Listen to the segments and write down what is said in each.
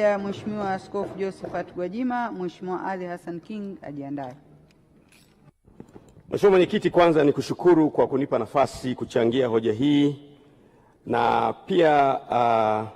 ya Mheshimiwa Askofu Josephat Gwajima, Mheshimiwa Ali Hassan King ajiandae. Mheshimiwa Mwenyekiti, kwanza nikushukuru kwa kunipa nafasi kuchangia hoja hii na pia uh,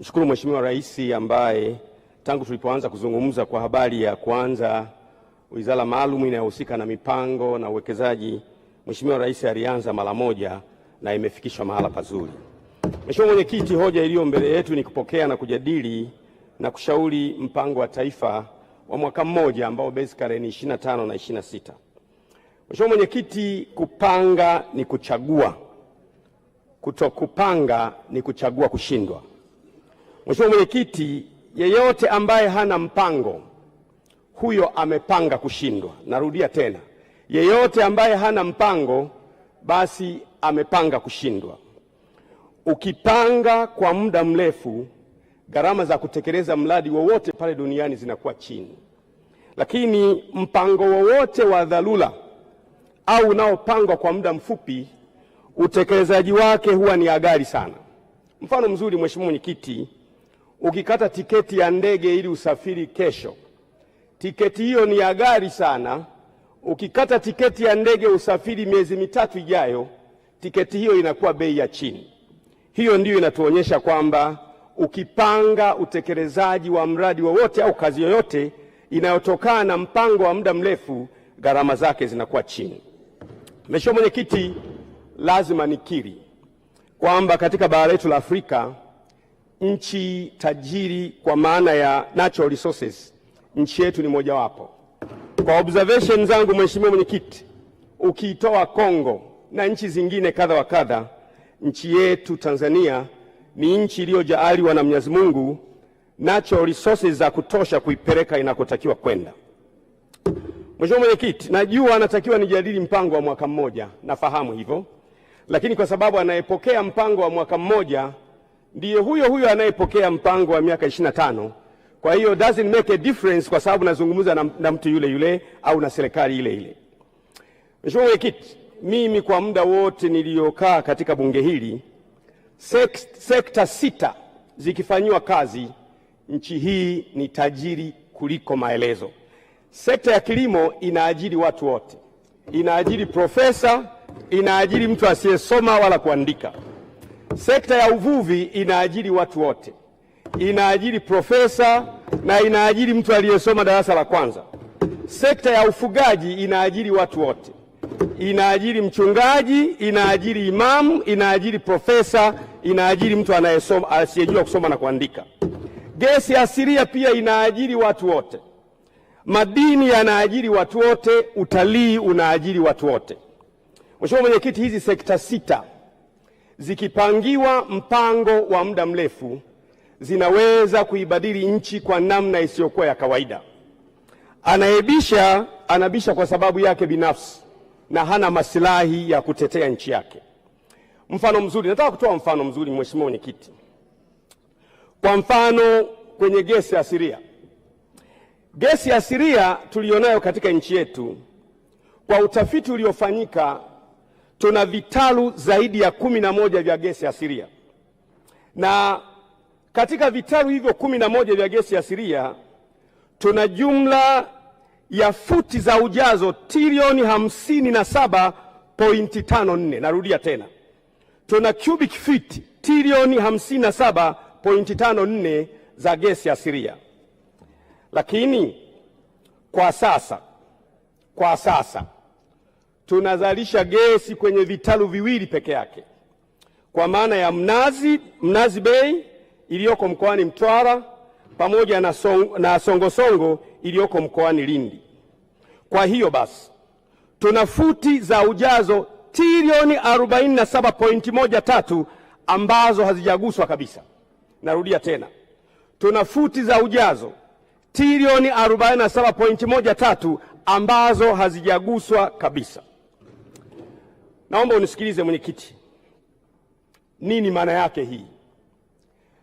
mshukuru Mheshimiwa Rais ambaye tangu tulipoanza kuzungumza kwa habari ya kuanza wizara maalum inayohusika na mipango na uwekezaji, Mheshimiwa Rais alianza mara moja na imefikishwa mahala pazuri. Mheshimiwa Mwenyekiti, hoja iliyo mbele yetu ni kupokea na kujadili na kushauri mpango wa taifa wa mwaka mmoja ambao basically ni 25 na 26. Mheshimiwa Mwenyekiti, kupanga ni kuchagua, kutokupanga ni kuchagua kushindwa. Mheshimiwa Mwenyekiti, yeyote ambaye hana mpango huyo amepanga kushindwa. Narudia tena, yeyote ambaye hana mpango basi amepanga kushindwa. Ukipanga kwa muda mrefu gharama za kutekeleza mradi wowote pale duniani zinakuwa chini, lakini mpango wowote wa dharura au unaopangwa kwa muda mfupi utekelezaji wake huwa ni ghali sana. Mfano mzuri, Mheshimiwa Mwenyekiti, ukikata tiketi ya ndege ili usafiri kesho, tiketi hiyo ni ghali sana. Ukikata tiketi ya ndege usafiri miezi mitatu ijayo, tiketi hiyo inakuwa bei ya chini. Hiyo ndiyo inatuonyesha kwamba ukipanga utekelezaji wa mradi wowote au kazi yoyote inayotokana na mpango wa muda mrefu, gharama zake zinakuwa chini. Mheshimiwa Mwenyekiti, lazima nikiri kwamba katika bara letu la Afrika, nchi tajiri kwa maana ya natural resources, nchi yetu ni mojawapo. Kwa observation zangu, Mheshimiwa Mwenyekiti, ukiitoa Kongo na nchi zingine kadha wa kadha, nchi yetu Tanzania ni nchi iliyojaaliwa na Mwenyezi Mungu, nacho resources za kutosha kuipeleka inakotakiwa kwenda. Mheshimiwa Mwenyekiti, najua anatakiwa nijadili mpango wa mwaka mmoja, nafahamu hivyo, lakini kwa sababu anayepokea mpango wa mwaka mmoja ndiye huyo huyo anayepokea mpango wa miaka 25. Kwa hiyo doesn't make a difference kwa sababu nazungumza na, na mtu yule yule au na serikali ile ile. Mheshimiwa Mwenyekiti, mimi kwa muda wote niliyokaa katika bunge hili sekta sita zikifanyiwa kazi, nchi hii ni tajiri kuliko maelezo. Sekta ya kilimo inaajiri watu wote, inaajiri profesa, inaajiri mtu asiyesoma wala kuandika. Sekta ya uvuvi inaajiri watu wote, inaajiri profesa na inaajiri mtu aliyesoma darasa la kwanza. Sekta ya ufugaji inaajiri watu wote inaajiri mchungaji, inaajiri imamu, inaajiri profesa, inaajiri mtu anayesoma asiyejua kusoma na kuandika. Gesi asilia pia inaajiri watu wote, madini yanaajiri watu wote, utalii unaajiri watu wote. Mheshimiwa Mwenyekiti, hizi sekta sita zikipangiwa mpango wa muda mrefu zinaweza kuibadili nchi kwa namna isiyokuwa ya kawaida. Anayebisha anabisha kwa sababu yake binafsi na hana masilahi ya kutetea nchi yake. Mfano mzuri, nataka kutoa mfano mzuri, mheshimiwa mwenyekiti. Kwa mfano kwenye gesi asilia, gesi asilia tuliyonayo katika nchi yetu, kwa utafiti uliofanyika, tuna vitalu zaidi ya kumi na moja vya gesi asilia, na katika vitalu hivyo kumi na moja vya gesi asilia tuna jumla ya futi za ujazo trilioni 57.54. Narudia tena, tuna cubic feet trilioni nne za gesi asilia, lakini kwa sasa kwa sasa tunazalisha gesi kwenye vitalu viwili peke yake kwa maana ya Mnazi, Mnazi Bay iliyoko mkoani Mtwara pamoja na, song, na Songosongo iliyoko mkoani Lindi. Kwa hiyo basi tuna futi za ujazo trilioni 47.13 ambazo hazijaguswa kabisa. Narudia tena, tuna futi za ujazo trilioni 47.13 ambazo hazijaguswa kabisa. Naomba unisikilize mwenyekiti, nini maana yake hii?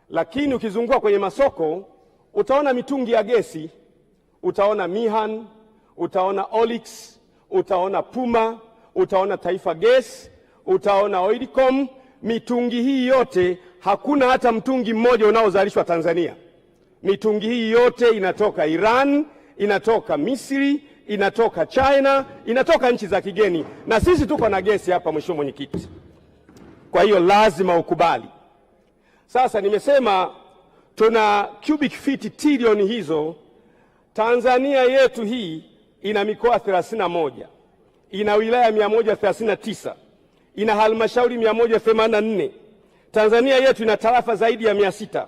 Lakini ukizunguka kwenye masoko utaona mitungi ya gesi, utaona Mihan utaona Olix, utaona Puma, utaona Taifa Gas, utaona Oilcom. Mitungi hii yote hakuna hata mtungi mmoja unaozalishwa Tanzania. Mitungi hii yote inatoka Iran, inatoka Misri, inatoka China, inatoka nchi za kigeni, na sisi tuko na gesi hapa, mheshimiwa mwenyekiti. Kwa hiyo lazima ukubali. Sasa nimesema tuna cubic feet trillion hizo, Tanzania yetu hii ina mikoa 31, ina wilaya 139, ina halmashauri 184. Tanzania yetu ina tarafa zaidi ya sita.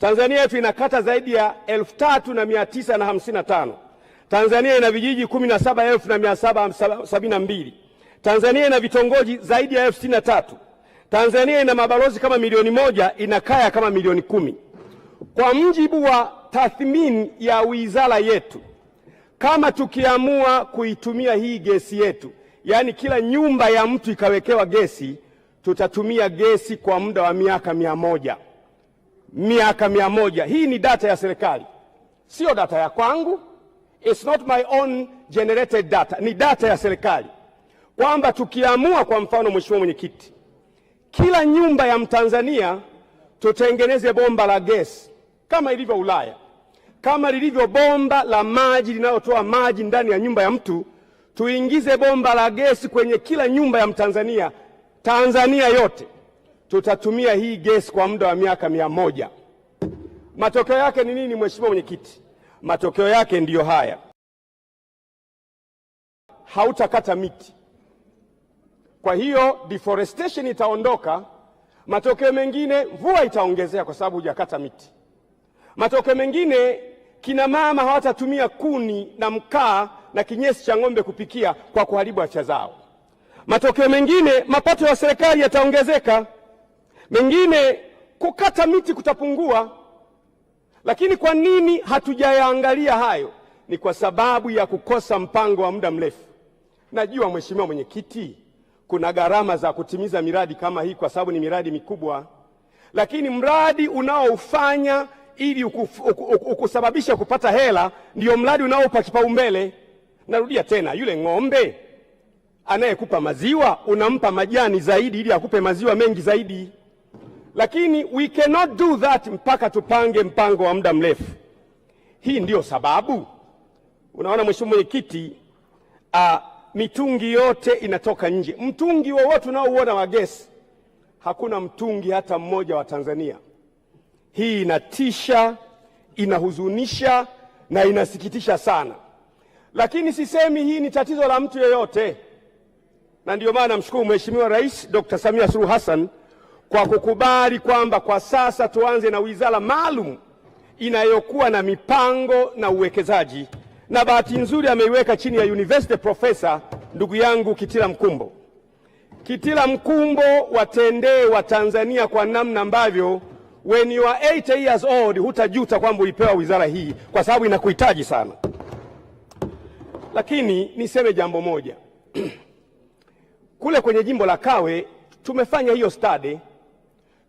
Tanzania yetu ina kata zaidi ya 3955. Tanzania ina vijiji 17772. Tanzania ina vitongoji zaidi ya elfu sitini na tatu. Tanzania ina mabalozi kama milioni moja, ina kaya kama milioni kumi. Kwa mujibu wa tathmini ya wizara yetu kama tukiamua kuitumia hii gesi yetu, yaani kila nyumba ya mtu ikawekewa gesi, tutatumia gesi kwa muda wa miaka mia moja miaka mia moja. Hii ni data ya serikali, siyo data ya kwangu, it's not my own generated data, ni data ya serikali kwamba tukiamua, kwa mfano, Mheshimiwa Mwenyekiti, kila nyumba ya Mtanzania tutengeneze bomba la gesi kama ilivyo Ulaya kama lilivyo bomba la maji linalotoa maji ndani ya nyumba ya mtu, tuingize bomba la gesi kwenye kila nyumba ya Mtanzania. Tanzania yote tutatumia hii gesi kwa muda wa miaka mia moja. Matokeo yake ni nini, Mheshimiwa Mwenyekiti? Matokeo yake ndiyo haya, hautakata miti. Kwa hiyo deforestation itaondoka. Matokeo mengine, mvua itaongezea kwa sababu hujakata miti. Matokeo mengine Kina mama hawatatumia kuni na mkaa na kinyesi cha ng'ombe kupikia kwa kuharibu afya zao. Matokeo mengine, mapato ya serikali yataongezeka, mengine kukata miti kutapungua. Lakini kwa nini hatujayaangalia hayo? Ni kwa sababu ya kukosa mpango wa muda mrefu. Najua Mheshimiwa Mwenyekiti, kuna gharama za kutimiza miradi kama hii kwa sababu ni miradi mikubwa, lakini mradi unaoufanya ili ukusababisha kupata hela, ndio mradi unaopa kipaumbele. Narudia tena, yule ng'ombe anayekupa maziwa unampa majani zaidi ili akupe maziwa mengi zaidi, lakini we cannot do that mpaka tupange mpango wa muda mrefu. Hii ndiyo sababu unaona, mheshimiwa mwenyekiti, uh, mitungi yote inatoka nje. Mtungi wowote unaouona wa gesi, hakuna mtungi hata mmoja wa Tanzania hii inatisha, inahuzunisha na inasikitisha sana, lakini sisemi hii ni tatizo la mtu yeyote, na ndiyo maana namshukuru Mheshimiwa Rais Dr. Samia Suluhu Hassan kwa kukubali kwamba kwa sasa tuanze na wizara maalum inayokuwa na mipango na uwekezaji, na bahati nzuri ameiweka chini ya university professor ndugu yangu Kitila Mkumbo. Kitila Mkumbo, watendee Watanzania kwa namna ambavyo when you are 80 years old hutajuta kwamba ulipewa wizara hii, kwa sababu inakuhitaji sana. Lakini niseme jambo moja kule kwenye jimbo la Kawe tumefanya hiyo study,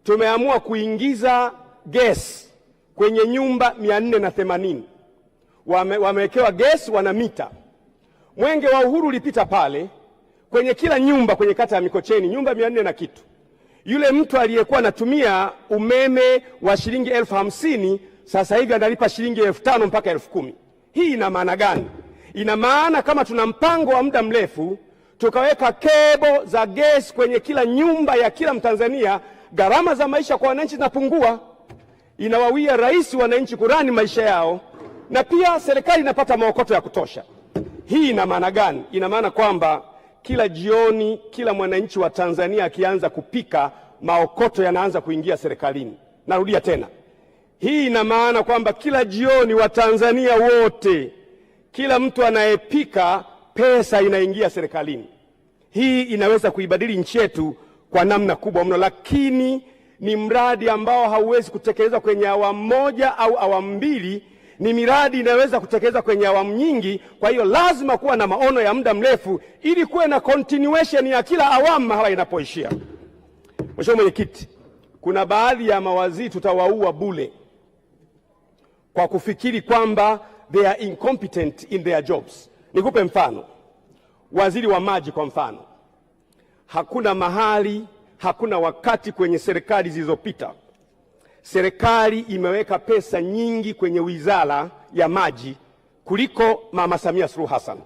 tumeamua kuingiza gesi kwenye nyumba mia nne na themanini wame, wamewekewa gesi, wana mita. Mwenge wa Uhuru ulipita pale kwenye kila nyumba kwenye kata ya Mikocheni, nyumba mia nne na kitu yule mtu aliyekuwa anatumia umeme wa shilingi elfu hamsini sasa hivi analipa shilingi elfu tano mpaka elfu kumi. Hii ina maana gani? Ina maana kama tuna mpango wa muda mrefu tukaweka kebo za gesi kwenye kila nyumba ya kila Mtanzania, gharama za maisha kwa wananchi zinapungua, inawawia rahisi wananchi kurani maisha yao, na pia serikali inapata maokoto ya kutosha. Hii ina maana gani? Ina maana kwamba kila jioni, kila mwananchi wa Tanzania akianza kupika maokoto yanaanza kuingia serikalini. Narudia tena, hii ina maana kwamba kila jioni Watanzania wote, kila mtu anayepika, pesa inaingia serikalini. Hii inaweza kuibadili nchi yetu kwa namna kubwa mno, lakini ni mradi ambao hauwezi kutekelezwa kwenye awamu moja au awamu mbili ni miradi inayoweza kutekeleza kwenye awamu nyingi. Kwa hiyo lazima kuwa na maono ya muda mrefu ili kuwe na continuation ya kila awamu mahala inapoishia. Mheshimiwa Mwenyekiti, kuna baadhi ya mawaziri tutawaua bule kwa kufikiri kwamba they are incompetent in their jobs. Nikupe mfano, waziri wa maji kwa mfano, hakuna mahali, hakuna wakati kwenye serikali zilizopita serikali imeweka pesa nyingi kwenye wizara ya maji kuliko Mama Samia Suluhu Hassan.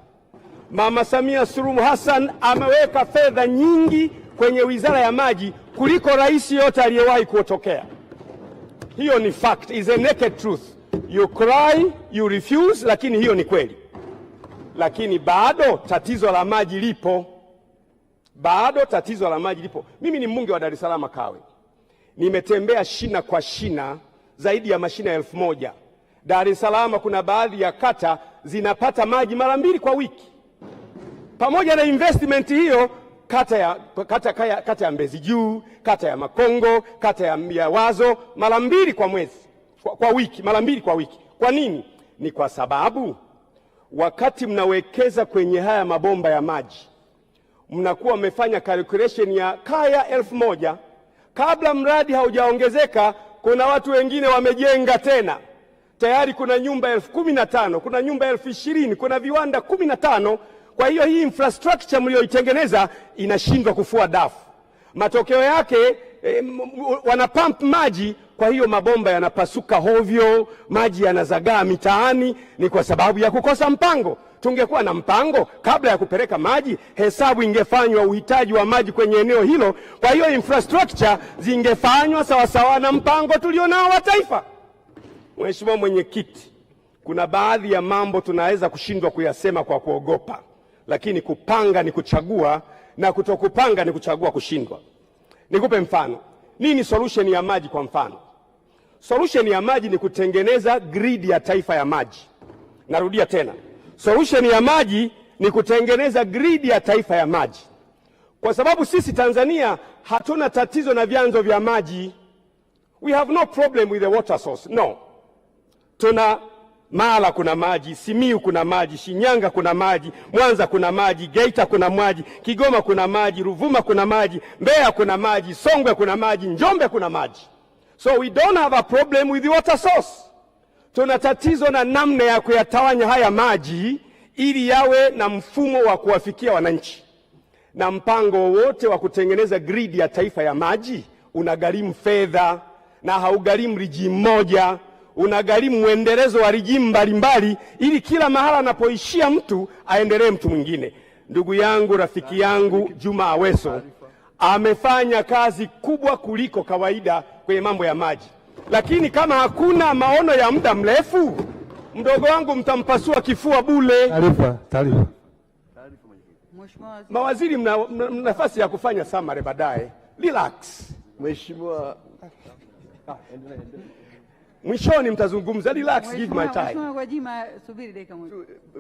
Mama Samia Suluhu Hassan ameweka fedha nyingi kwenye wizara ya maji kuliko rais yote aliyewahi kuotokea. Hiyo ni fact, is a naked truth. You cry, you refuse, lakini hiyo ni kweli. Lakini bado tatizo la maji lipo, bado tatizo la maji lipo. Mimi ni mbunge wa Dar es Salaam Kawe nimetembea shina kwa shina zaidi ya mashina elfu moja. Dar es Salaam kuna baadhi ya kata zinapata maji mara mbili kwa wiki. Pamoja na investment hiyo, kata ya, kata, kaya, kata ya Mbezi Juu, kata ya Makongo, kata ya, ya Wazo mara mbili kwa mwezi kwa, kwa wiki mara mbili kwa wiki. Kwa nini? Ni kwa sababu wakati mnawekeza kwenye haya mabomba ya maji mnakuwa mmefanya calculation ya kaya elfu moja Kabla mradi haujaongezeka, kuna watu wengine wamejenga tena tayari kuna nyumba elfu kumi na tano kuna nyumba elfu ishirini kuna viwanda kumi na tano Kwa hiyo hii infrastructure mliyoitengeneza inashindwa kufua dafu. Matokeo yake eh, wana maji kwa hiyo mabomba yanapasuka hovyo, maji yanazagaa mitaani, ni kwa sababu ya kukosa mpango. Tungekuwa na mpango kabla ya kupeleka maji, hesabu ingefanywa uhitaji wa maji kwenye eneo hilo. Kwa hiyo infrastructure zingefanywa sawasawa na mpango tulionao wa taifa. Mheshimiwa Mwenyekiti, kuna baadhi ya mambo tunaweza kushindwa kuyasema kwa kuogopa, lakini kupanga ni kuchagua na kutokupanga ni kuchagua kushindwa. Nikupe mfano. Nini solution ya maji? Kwa mfano, solution ya maji ni kutengeneza gridi ya taifa ya maji. Narudia tena, solution ya maji ni kutengeneza gridi ya taifa ya maji, kwa sababu sisi Tanzania hatuna tatizo na vyanzo vya maji. We have no problem with the water source, no, tuna mara kuna maji, Simiu kuna maji, Shinyanga kuna maji, Mwanza kuna maji, Geita kuna maji, Kigoma kuna maji, Ruvuma kuna maji, Mbeya kuna maji, Songwe kuna maji, Njombe kuna maji. So we don't have a problem with the water source. Tuna tatizo na namna ya kuyatawanya haya maji ili yawe na mfumo wa kuwafikia wananchi, na mpango wote wa kutengeneza gridi ya taifa ya maji unagharimu fedha na haugharimu riji moja unagharimu mwendelezo wa rijimu mbalimbali, ili kila mahala anapoishia mtu aendelee mtu mwingine. Ndugu yangu, rafiki yangu Juma Aweso amefanya kazi kubwa kuliko kawaida kwenye mambo ya maji, lakini kama hakuna maono ya muda mrefu, mdogo wangu mtampasua kifua bule. Taarifa, taarifa. Mawaziri mna, mna nafasi ya kufanya samare baadaye. Relax Mheshimiwa ah, Mwishoni mtazungumza, relax, give my time. Mheshimiwa Gwajima, subiri dakika moja.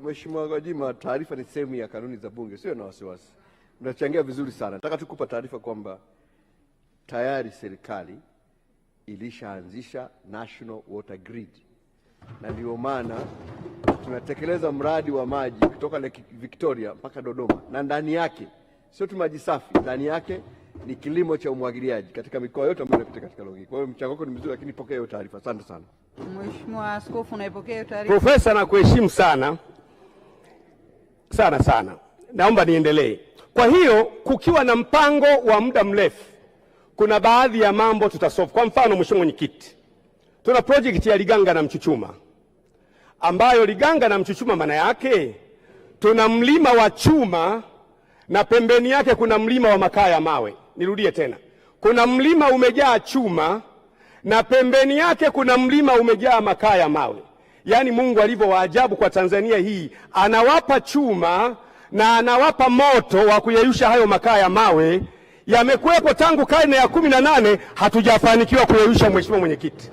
Mheshimiwa Gwajima, taarifa ni sehemu ya kanuni za Bunge, sio na wasiwasi, mnachangia vizuri sana. Nataka tukupa taarifa kwamba tayari serikali ilishaanzisha National Water Grid na ndio maana tunatekeleza mradi wa maji kutoka Lake Victoria mpaka Dodoma, na ndani yake sio tu maji safi, ndani yake ni kilimo cha umwagiliaji katika mikoa yote ambayo inapita katika Longido. Kwa hiyo mchango wako ni mzuri, lakini pokea hiyo taarifa. Asante sana Mheshimiwa Askofu, naipokea hiyo taarifa. Profesa, nakuheshimu sana sana sana, naomba niendelee. Kwa hiyo kukiwa na mpango wa muda mrefu, kuna baadhi ya mambo tutasolve. Kwa mfano, Mheshimiwa Mwenyekiti, tuna project ya Liganga na Mchuchuma ambayo Liganga na Mchuchuma maana yake tuna mlima wa chuma na pembeni yake kuna mlima wa makaa ya mawe nirudie tena, kuna mlima umejaa chuma na pembeni yake kuna mlima umejaa makaa ya mawe. Yaani Mungu alivyo waajabu kwa Tanzania hii, anawapa chuma na anawapa moto wa kuyeyusha hayo makaa ya mawe. Yamekuwepo tangu karne ya kumi na nane, hatujafanikiwa kuyeyusha. Mheshimiwa Mwenyekiti,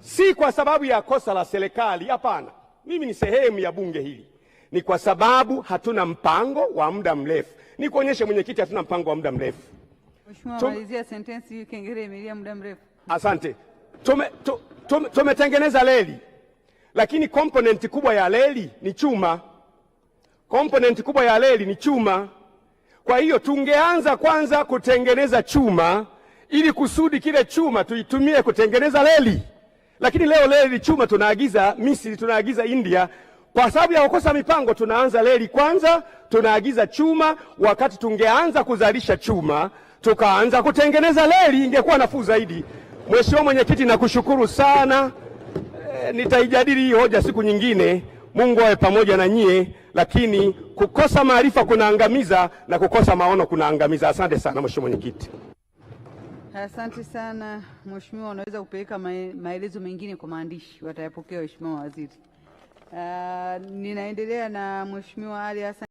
si kwa sababu ya kosa la serikali, hapana. Mimi ni sehemu ya bunge hili, ni kwa sababu hatuna mpango wa muda mrefu. Nikuonyeshe mwenyekiti, hatuna mpango wa muda mrefu. Mheshimiwa, malizia sentensi hii, kengele imelia muda mrefu. Asante. Tumetengeneza tume lakini komponenti kubwa ya leli ni chuma. Komponenti kubwa ya leli ni chuma. Kwa hiyo tungeanza kwanza kutengeneza chuma ili kusudi kile chuma tuitumie kutengeneza leli lakini leo ni chuma tunaagiza Misri, tunaagiza India kwa sababu ya kukosa mipango. Tunaanza leli kwanza, tunaagiza chuma wakati tungeanza kuzalisha chuma tukaanza kutengeneza reli, ingekuwa nafuu zaidi. Mheshimiwa Mwenyekiti, nakushukuru sana e, nitaijadili hii hoja siku nyingine. Mungu awe pamoja na nyie, lakini kukosa maarifa kunaangamiza na kukosa maono kunaangamiza. Asante sana Mheshimiwa Mwenyekiti. Asante sana Mheshimiwa, unaweza kupeleka maelezo mengine kwa maandishi, watayapokea Mheshimiwa Waziri. Uh, ninaendelea na Mheshimiwa Ali Hassan.